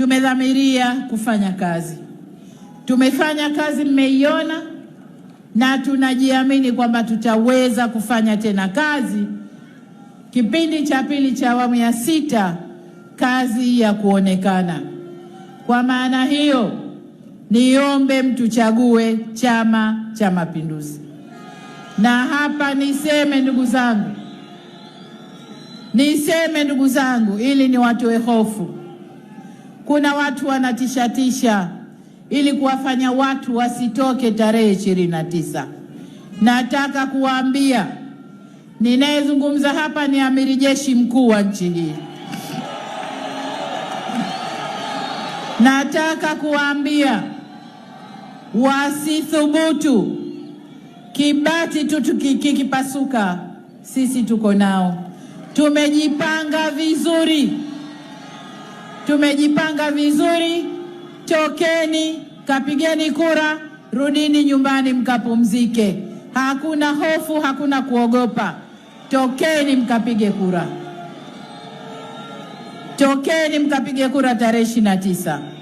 tumedhamiria kufanya kazi. Tumefanya kazi, mmeiona, na tunajiamini kwamba tutaweza kufanya tena kazi kipindi cha pili cha awamu ya sita, kazi ya kuonekana. Kwa maana hiyo, niombe mtuchague Chama cha Mapinduzi. Na hapa niseme ndugu zangu, niseme ndugu zangu, ili niwatoe hofu kuna watu wanatishatisha ili kuwafanya watu wasitoke tarehe ishirini na tisa. Nataka kuwaambia ninayezungumza hapa ni amiri jeshi mkuu wa nchi hii. Nataka kuwaambia wasithubutu. Kibati tu kikipasuka, sisi tuko nao, tumejipanga vizuri tumejipanga vizuri. Tokeni kapigeni kura, rudini nyumbani mkapumzike. Hakuna hofu, hakuna kuogopa. Tokeni mkapige kura, tokeni mkapige kura tarehe ishirini na tisa.